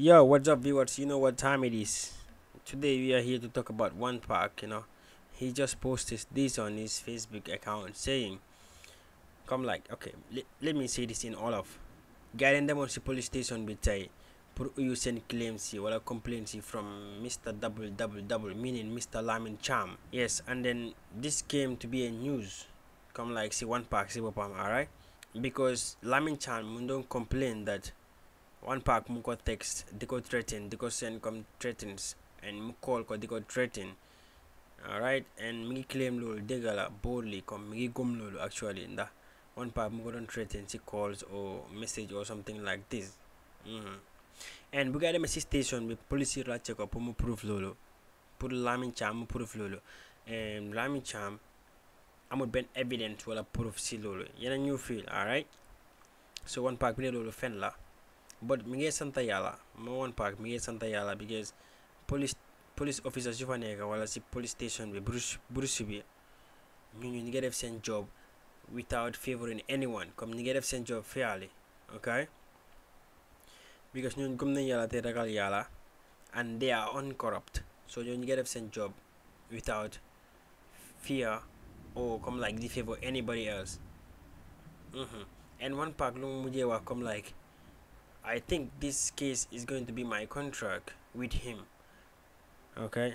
yo what's up viewers you know what time it is today we are here to talk about one Pack. you know he just posted this on his facebook account saying come like okay le let me say this in all of Garenda the police station betai put you send claims here a complaints from mr double double double meaning mr lamin Cham. yes and then this came to be a news come like see one park see all right because lamin Cham don't complain that one pack mu text di threaten di send come threatens and mukol call ko di threaten alright and mi claim loolu dégga boldly comme mi ngi gëm actually nda. one pack mu ko threaten si calls or message or something like this Hmm. and bu gaa demee si station bi police laajte ko pour mu prove loolu pour Lamin Cham mu prove loolu and Lamin Cham amul benn evidence wala proof si loolu yeneen ñu feel alright so one pack bi ne loolu fen la but mi ngi sant yàlla Maone Park mi ngi sant yàlla because police police officers yu fa nekk wala si police station bi brousse brousse bi ñu ñu ngi def seen job without favoring anyone comme ñi ngi def seen job fairly ok because ñooñu gëm nañ yàlla te ragal yàlla and they are uncorrupt so ñooñu ngi def seen job without fear or comme like di favor anybody else mm-hmm. and one park lu mu mujjee wax comme like I think this case is going to be my contract with him. Okay.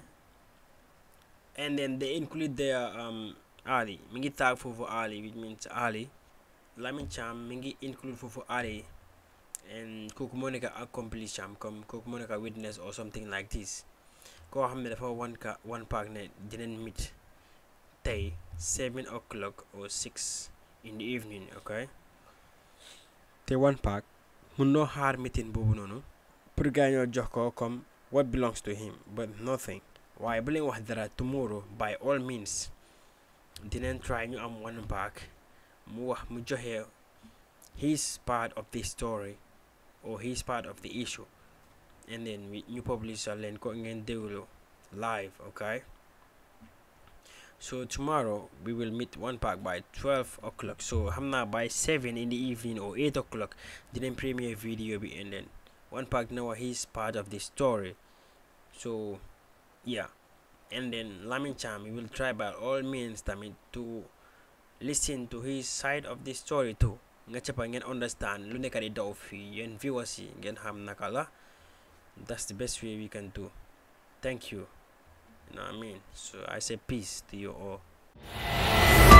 And then they include their um Ali. Mingi tag for for Ali, which means Ali. Lamin Cham mingi include for for Ali and Cook Monica accomplish Cham come Cook Monica witness or something like this. Go Hamid for one ka one partner didn't meet day seven o'clock or six in the evening, okay? The one pack mun no xaar meeting boobu noonu pour gaa ñoo jox ko comme what belongs to him but nothing Why bu leen wax dara tomorrow by all means didn't try ñu am one back mu wax mu joxe his part of the story or his part of the issue and then ñu publish leen ko ngeen déglu live okay so tomorrow we will meet one pack by 12 o'clock so I'm by 7 in the evening or 8 o'clock didn't premiere video be ending one pack now he's part of the story so yeah and then Lamin Cham will try by all means to listen to his side of the story too nga capa understand luneka nekk di daw fii yéen viewers yi ngeen that's the best way we can do thank you you know what I mean? So I say peace to you all.